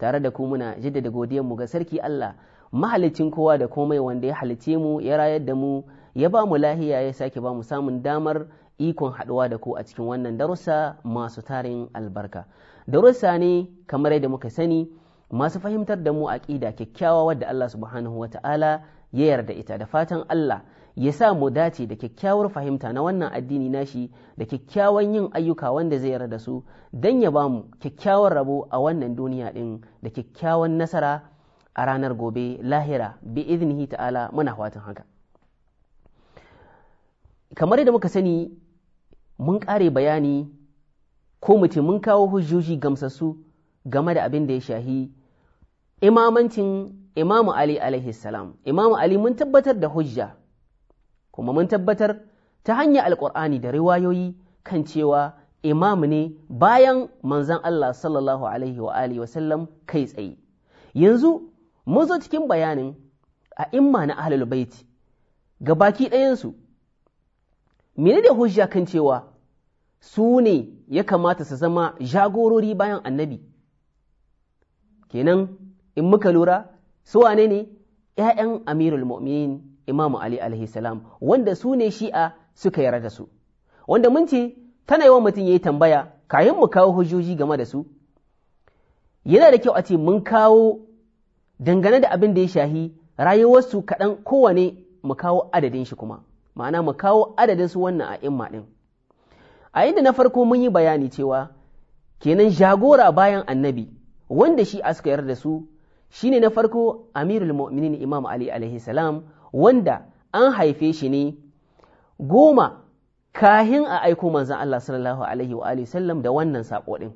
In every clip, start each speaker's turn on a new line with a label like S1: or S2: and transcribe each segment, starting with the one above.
S1: tare da ku muna jaddada godiyar mu ga sarki Allah mahalicin kowa da komai wanda ya halice mu ya rayar da mu ya ba mu lahiya ya sake ba mu samun damar ikon haɗuwa da ku a cikin wannan darussa masu tarin albarka darussa ne kamar yadda muka sani masu fahimtar da mu aƙida kyakkyawa wadda Allah subhanahu wata'ala ya yarda ita da fatan Allah ya sa mu dace da kyakkyawar fahimta na wannan addini nashi da kyakkyawan yin ayyuka wanda zai yarda su don ya ba mu kyakkyawan rabo a wannan duniya ɗin da kyakkyawan nasara a ranar gobe lahira bi iznihi ta'ala muna fatan haka kamar yadda muka sani mun kare bayani ko mutum mun kawo hujjoji gamsassu game da abin da ya shahi imamancin imamu ali alaihi salam imamu ali mun tabbatar da hujja kuma mun tabbatar ta hanyar alƙur'ani da riwayoyi kan cewa imam ne bayan manzan Allah sallallahu alaihi wa alihi wasallam kai tsaye yanzu mun zo cikin bayanin a imma na ahlul baiti ga baki ɗayansu mene da hujja kan cewa su ne ya kamata su zama jagorori bayan annabi kenan in muka lura su wane ne ‘ya'yan amirul mu'minin Imam Ali alaihi salam wanda su ne shi'a suka yarda da su wanda mun ce tana yawan mutum ya yi tambaya kayan mu kawo hujjoji game da su yana da kyau a ce mun kawo dangane da abin da ya shahi rayuwarsu kaɗan kowane mu kawo adadin shi kuma ma'ana mu kawo adadin su wannan a imma ɗin a inda na farko mun yi bayani cewa kenan jagora bayan annabi wanda shi a suka yarda da su shine na farko amirul mu'minin imam ali alaihi salam wanda an haife shi ne goma kahin a aiko manzan Allah sallallahu alaihi wa sallam da wannan saƙo ɗin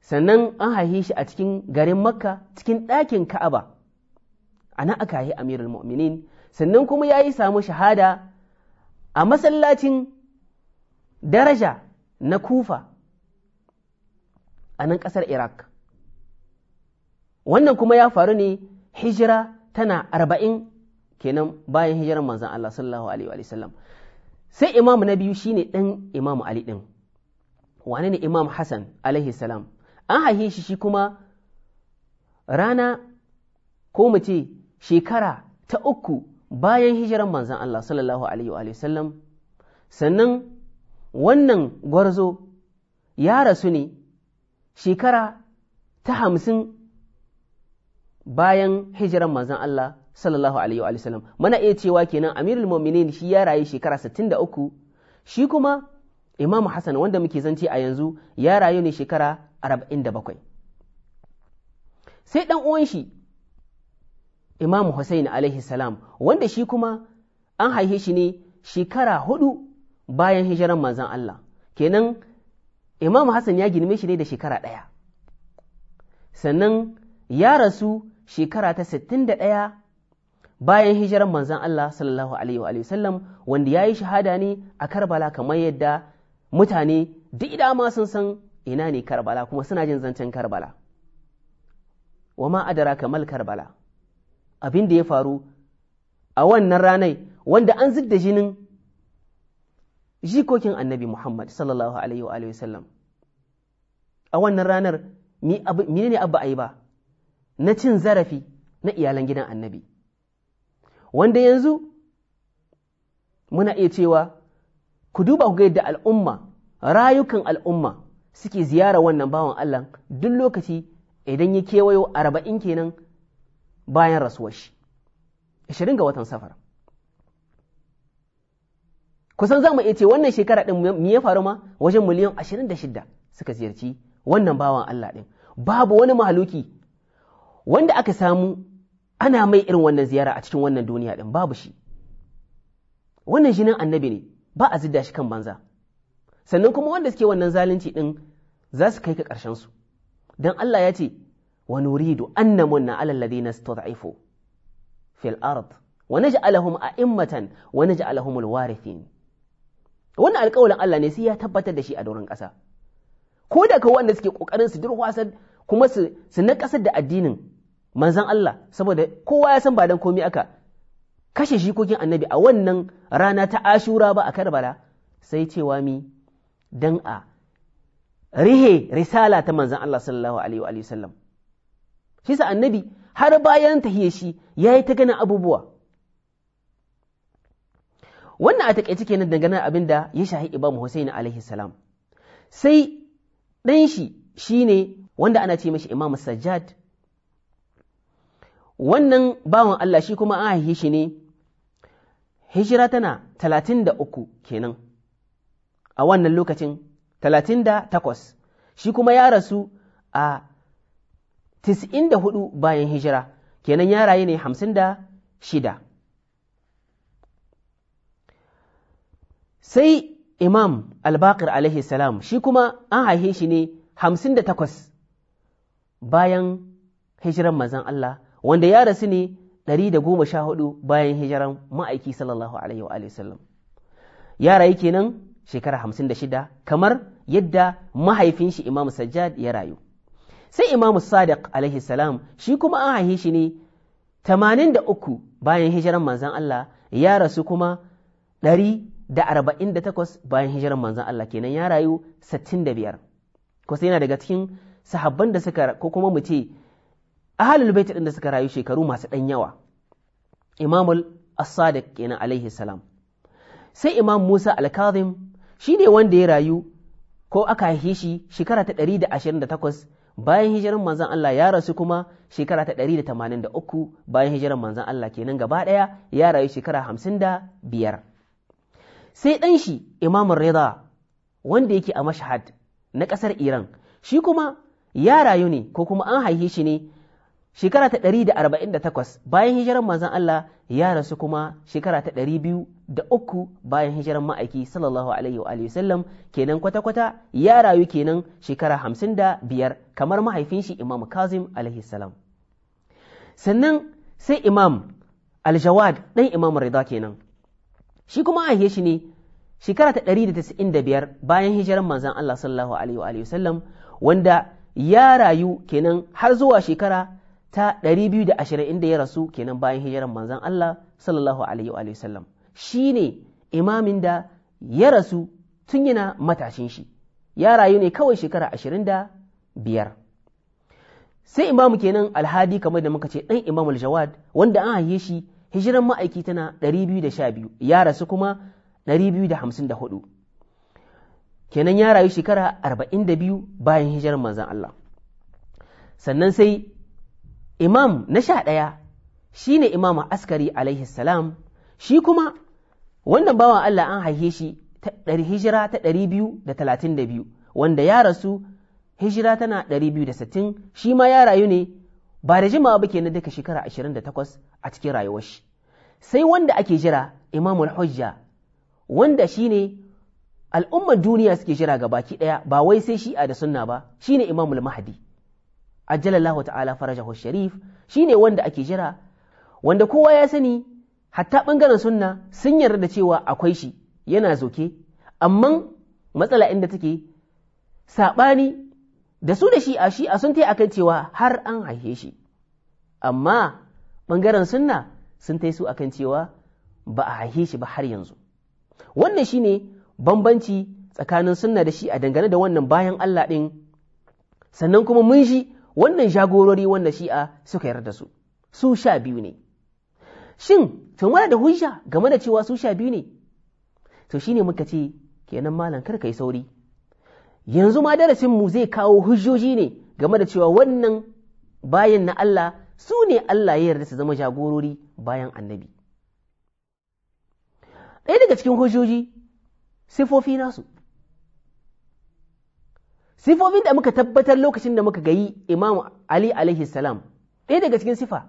S1: sannan an haife shi a cikin garin makka cikin ɗakin ka'aba a nan aka haifi amirul mu'minin sannan kuma ya yi samu shahada a masallacin daraja na kufa a nan ƙasar iraq wannan kuma ya faru ne hijira tana arba'in kenan bayan hijirar manzan Allah sallallahu alaihi wa sallam sai imamu na biyu shine ɗan imam Ali ɗin wane ne imam Hassan alaihi salam an haife shi shi kuma rana ko mu ce shekara ta uku bayan hijirar manzan Allah sallallahu alaihi wa sallam sannan wannan gwarzo ya rasu ne shekara ta hamsin bayan hijiran manzon Allah sallallahu alaihi wa sallam mana iya cewa kenan Amirul Mu'minin shi ya rayu shekara 63 shi kuma Imam Hassan wanda muke zance a yanzu ya rayu ne shekara 47 sai dan uwan shi Imam Hussein alaihi salam wanda shi kuma an haife shi ne shekara hudu bayan hijiran manzon Allah kenan Imam Hassan ya girme shi ne da shekara ɗaya sannan ya rasu shekara ta 61 bayan hijiran manzan Allah sallallahu alaihi wa sallam wanda ya yi shahada ne a Karbala kamar yadda mutane duk dama sun san ina ne Karbala kuma suna jin zancen Karbala wa ma adara kamal Karbala abin da ya faru a wannan ranai wanda an zidda jinin jikokin annabi Muhammad sallallahu alaihi wa sallam a wannan ranar mine ne abu a yi ba na cin zarafi na iyalan gidan annabi wanda yanzu muna iya cewa ku duba ku ga yadda al'umma rayukan al'umma suke ziyara wannan bawan Allah duk lokaci idan ya kewayo arba'in kenan bayan rasuwar shi ashirin ga watan safar kusan za mu iya ce wannan shekara ɗin mu ya faru ma wajen miliyan ashirin da shidda suka ziyarci wannan bawan Allah ɗin babu wani mahaluki wanda aka samu ana mai irin wannan ziyara a cikin wannan duniya ɗin babu shi wannan jinin annabi ne ba a zidda shi kan banza sannan kuma wanda suke wannan zalunci ɗin za su kai ka ƙarshen su don Allah ya ce wa nuridu annamunna alal ladina stud'ifu fil ard wa naj'alahum a'immatan wa naj'alahum alwarithin wannan alƙawalin Allah ne sai ya tabbatar da shi a doron ƙasa ko da ka wanda suke ƙoƙarin su durwasar kuma su na ƙasar da addinin manzan Allah saboda kowa ya san ba dan komi aka kashe shikokin annabi a wannan rana ta ashura ba a karbala sai cewa mi dan a rihe risala ta manzan Allah sallallahu alaihi wa sallam shi sa annabi har bayan tahiye shi ya yi ta ganin abubuwa wannan a taƙaice kenan dangane abin da ya shahi Imam husaini alaihi salam sai ɗan shi shine wanda ana ce mashi Imam Sajjad wannan bawan Allah shi kuma an haife shi ne hijira tana talatin kenan a wannan lokacin talatin da shi kuma ya rasu a tis'in bayan hijira kenan ya rayu ne hamsin shida sai imam albakir alaihi salam shi kuma an haife shi ne hamsin da bayan hijiran mazan Allah wanda ya rasu ne 114 bayan hijiran ma'aiki sallallahu alaihi wa sallam ya rayu kenan shekara 56 kamar yadda mahaifin shi imamu Sajjad ya rayu sai imamu Sadiq alaihi salam shi kuma an haife shi ne 83 bayan hijiran manzan Allah ya rasu kuma 148 bayan hijiran manzan Allah kenan ya rayu 65 ko sai yana daga cikin sahabban da suka ko kuma mu ce ahalul bait din da suka rayu shekaru masu ɗan yawa imamul as-sadiq kenan alaihi salam sai imam musa al-kazim shi ne wanda ya rayu ko aka haife shi shekara ta 128 bayan hijiran manzon Allah ya rasu kuma shekara ta 183 bayan hijiran manzon Allah kenan gaba ɗaya ya rayu shekara 55 sai dan shi Imam Rida wanda yake a Mashhad na kasar Iran shi kuma ya rayu ne ko kuma an haife shi ne shekara ta 148 bayan hijiran manzon Allah ya rasu kuma shekara ta 203 bayan hijiran ma'aiki sallallahu alaihi wa alihi sallam kenan kwata-kwata ya rayu kenan shekara 55 kamar mahaifin shi Imam Kazim alaihi salam sannan sai Imam Al-Jawad dan Imam Rida kenan shi kuma an shi ne shekara ta 195 bayan hijiran manzon Allah sallallahu alaihi wa alihi sallam wanda ya rayu kenan har zuwa shekara ta 220 inda ya rasu kenan bayan hijiran manzan Allah sallallahu alaihi wa sallam ne imamin da ya rasu tun yana matashin shi ya rayu ne kawai shekara 25 sai imamu kenan alhadi kamar da muka ce ɗan imam al-jawad wanda an haife shi hijiran ma'aiki tana 212 ya rasu kuma 254 kenan ya rayu shekara 42 bayan hijirar manzan Allah sannan sai imam na sha ɗaya shi ne imam askari alaihi salam shi kuma wannan bawan Allah an haife shi ta hijira ta ɗari biyu da talatin da biyu wanda ya rasu hijira tana ɗari biyu da sittin shi ma ya rayu ne ba da jimawa ba kenan duka shekara ashirin da takwas a cikin rayuwar shi sai wanda ake jira imamul hujja wanda shi ne al'ummar duniya suke jira ga baki ɗaya ba wai sai shi'a da sunna ba shi ne imamul mahadi ajalallahu ta'ala farajahu sharif shine wanda ake jira wanda kowa ya sani hatta bangaren sunna sun yarda da cewa akwai shi yana zoke amma matsala inda take sabani da su da shi a shi a sun tai akan cewa har an haife shi amma bangaren sunna sun tai su akan cewa ba a haife shi ba har yanzu wannan shine bambanci tsakanin sunna da shi a dangane da wannan bayan Allah din sannan kuma mun shi wannan jagorori wanda shi'a suka yarda su su sha biyu ne shin to mana da hujja game da cewa su sha biyu ne to shine muka ce kenan malam kar kai sauri yanzu ma darasin mu zai kawo hujjoji ne game da cewa wannan bayan na Allah su ne Allah ya yarda su zama jagorori bayan annabi ɗaya daga cikin hujjoji sifofi nasu sifofin da muka tabbatar lokacin da muka gayi imamu ali alaihi salam ɗaya daga cikin sifa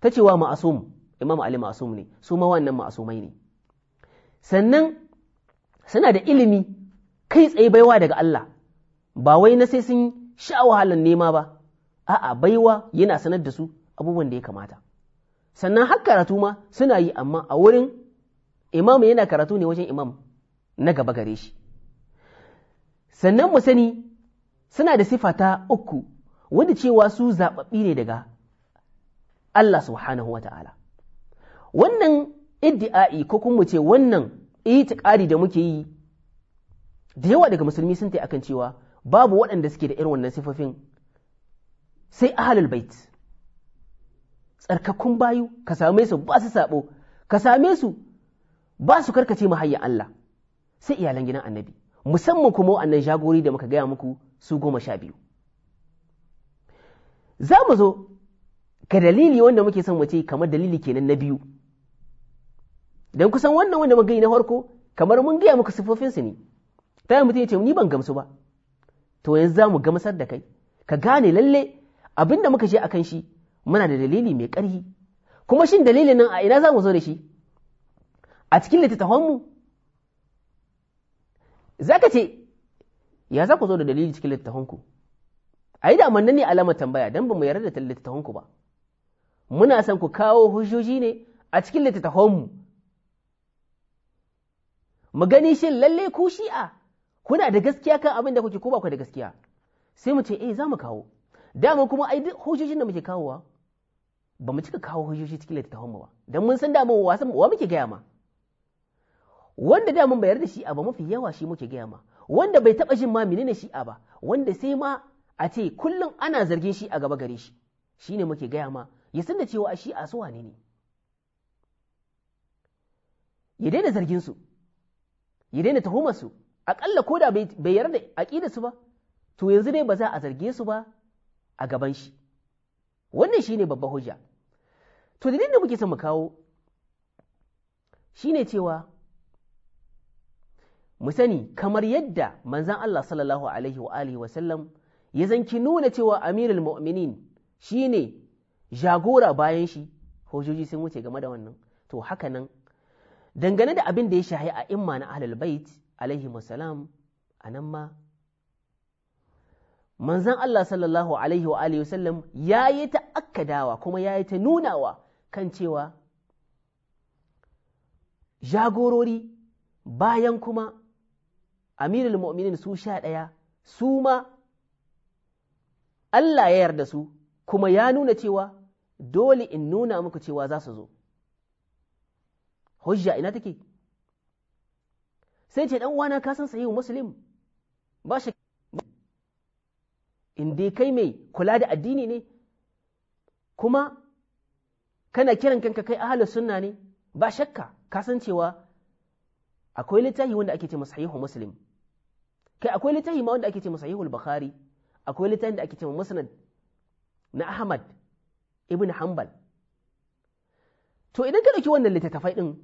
S1: ta cewa ma'asum imamu ali ma'asum ne su ma wannan ma'asumai ne sannan suna da ilimi kai tsaye baiwa daga Allah ba wai na sai sun sha wahalar nema ba a'a baiwa yana sanar da su abubuwan da ya kamata sannan har karatu ma suna yi amma a wurin imam yana karatu ne wajen imam na gaba gare shi sannan mu sani suna da sifa ta uku wanda cewa su zaɓaɓɓi ne daga Allah subhanahu wa ta'ala. Wannan iddi'a'i ko kuma ce wannan itiƙari da muke yi da yawa daga musulmi sun ta akan cewa babu waɗanda suke da irin wannan sifofin sai ahalul bait tsarkakun bayu ka same su ba su sabo ka same su ba su karkace mahayya Allah sai iyalan gidan annabi musamman kuma wannan jagori da muka gaya muku su goma sha biyu za mu zo ga dalili wanda muke son mace kamar dalili kenan na biyu don kusan wannan wanda muka yi na farko kamar mun gaya muku siffofinsu ne ta yi mutum ya ce ni ban gamsu ba to yanzu za mu gamsar da kai ka gane lalle abin da muka je akan shi muna da dalili mai ƙarfi kuma shin dalilin nan a ina za mu zo da shi a cikin littattafanmu za ka ce ya za ku zo da dalili cikin littafinku a yi da amannan ne alamar tambaya don ba mu yarda da littafinku ba muna son ku kawo hujjoji ne a cikin littattafanmu mu gani shin lalle ku shi'a kuna da gaskiya kan abin da kuke ko ba ku da gaskiya sai mu ce eh za mu kawo dama kuma ai duk hujjojin da muke kawowa ba mu cika kawo hujjoji cikin littattafanmu ba don mun san dama wa muke gaya ma wanda da mun bayar da shi ba mafi yawa shi muke gaya ma wanda bai taba jin ma menene shi'a ba wanda sai ma a ce kullum ana zargin shi a gaba gare shi shine muke gaya ma ya san da cewa shi'a su wane ne ya daina zargin su ya daina tuhumar su akalla ko da bai yarda aqida su ba to yanzu dai ba za a zarge su ba a gaban shi wannan shine babba hujja to dalilin da muke son mu kawo shine cewa mu sani kamar yadda manzan Allah sallallahu alaihi wa alihi wasallam ya zanki nuna cewa amirul mu'minin shine jagora bayan shi hojoji sun wuce game da wannan to haka nan dangane da abin da ya shahi a imma na ahlul bait alaihi wasalam anan ma manzan Allah sallallahu alaihi wa alihi wasallam ya yi ta akkadawa kuma ya yi ta nunawa kan cewa jagorori bayan kuma amirul mu'minin su sha ɗaya su ma Allah ya yarda su kuma ya nuna cewa dole in nuna muku cewa za su zo hujja ina take sai ce dan uwana ka san sahihu muslim ba shi in dai kai mai kula da addini ne kuma kana kiran kanka kai ahlus sunna ne ba shakka ka san cewa akwai littafi wanda ake ce sahihu muslim kai akwai littafi ma wanda ake ce sahihul bukhari akwai littafin da ake ce musnad na ahmad ibn hanbal to idan ka ɗauki wannan littattafai ɗin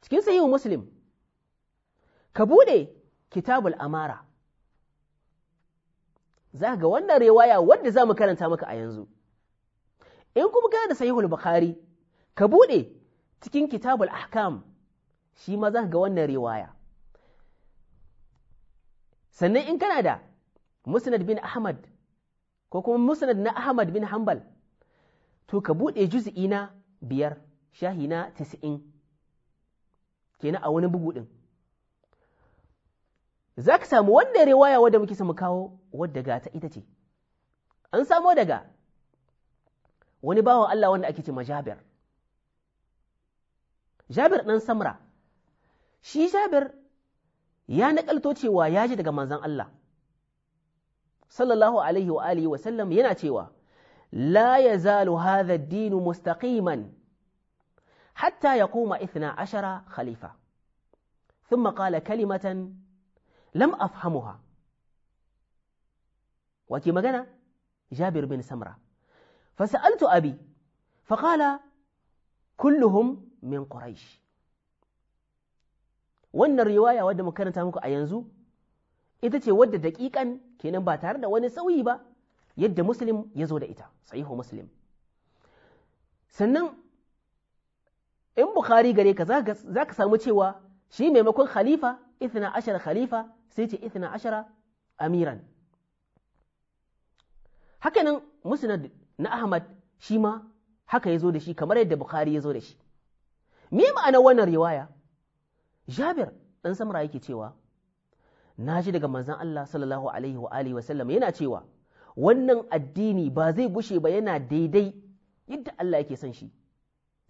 S1: cikin sahihu muslim ka buɗe kitabul amara za ga wannan riwaya wanda za mu karanta maka a yanzu in kuma kana da sahihul bukhari ka buɗe cikin kitabul ahkam shi ma za ga wannan riwaya sannan in kana da musnad bin ahmad ko kuma musnad na ahmad bin hanbal to ka buɗe juz'i na biyar shahi na tis'in kenan a wani bugu ɗin za ka samu wannan riwaya wadda muke samu kawo wadda ga ta ita ce an samo daga wani bawan Allah wanda ake ce ma Jabir Jabir ɗan Samra shi Jabir ya naƙalto cewa ya ji daga manzon Allah sallallahu alaihi wa alihi wa yana cewa la yazalu hadha ad-din mustaqiman hatta yaquma ashara khalifa Sun qala kalimatan lam afhamuha wake magana Jabir bin Samra فسألت abi فقال كلهم min قريش wannan riwaya wadda muka karanta muku a yanzu ita ce wadda daƙiƙan kenan ba tare da wani sauyi ba yadda muslim ya zo da ita sahihu muslim sannan in bukhari gare ka za samu cewa shi maimakon khalifa ithna ashara khalifa sai ce ithna ashara amiran hakanan musnad na ahmad shi ma haka ya zo da shi kamar yadda bukhari ya zo da shi me ma'ana wannan riwaya jabir ɗan samura yake cewa na ji daga manzan Allah sallallahu alaihi wa alihi wasallam yana cewa wannan addini ba zai bushe ba yana daidai yadda Allah yake son shi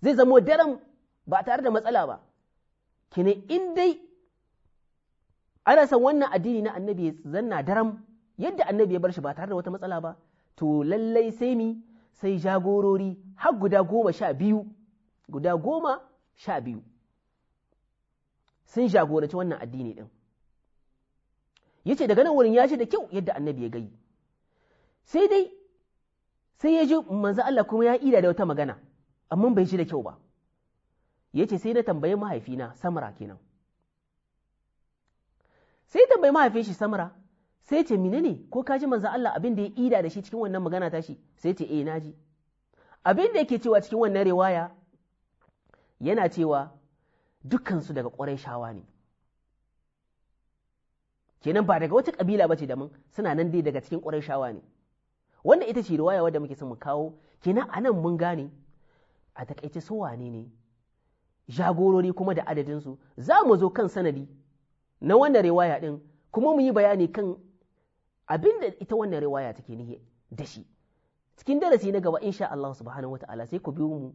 S1: zai zamo daren ba tare da matsala ba kine in dai ana san wannan addini na annabi ya zanna daren yadda annabi ya bar shi ba tare da wata matsala ba to lallai sai mi sai jagorori har guda goma sha biyu guda goma sha biyu sun jagoranci wannan addini din yace daga nan wurin ya ce da kyau yadda annabi ya gayi sai dai sai ya ji manzo Allah kuma ya ida da wata magana amma bai ji da kyau ba yace sai na tambayi mahaifina samara kenan sai tambayi mahaifin shi samara sai ce menene ko ka ji manzo Allah abin da ya ida da shi cikin wannan magana tashi sai ce eh ji. abin da yake cewa cikin wannan riwaya yana cewa dukansu daga ƙwarai ne kenan ba daga wata ƙabila ba ce da mun suna nan dai daga cikin ƙwarai ne wanda ita ce ruwaya wadda muke mu kawo kenan a nan mun gane a takaice su wane ne jagorori kuma da adadinsu za mu zo kan sanadi na wannan riwaya ɗin kuma mu yi bayani kan abin da ita wannan riwaya take nihi da shi cikin darasi na gaba insha Allah subhanahu ta'ala sai ku biyo mu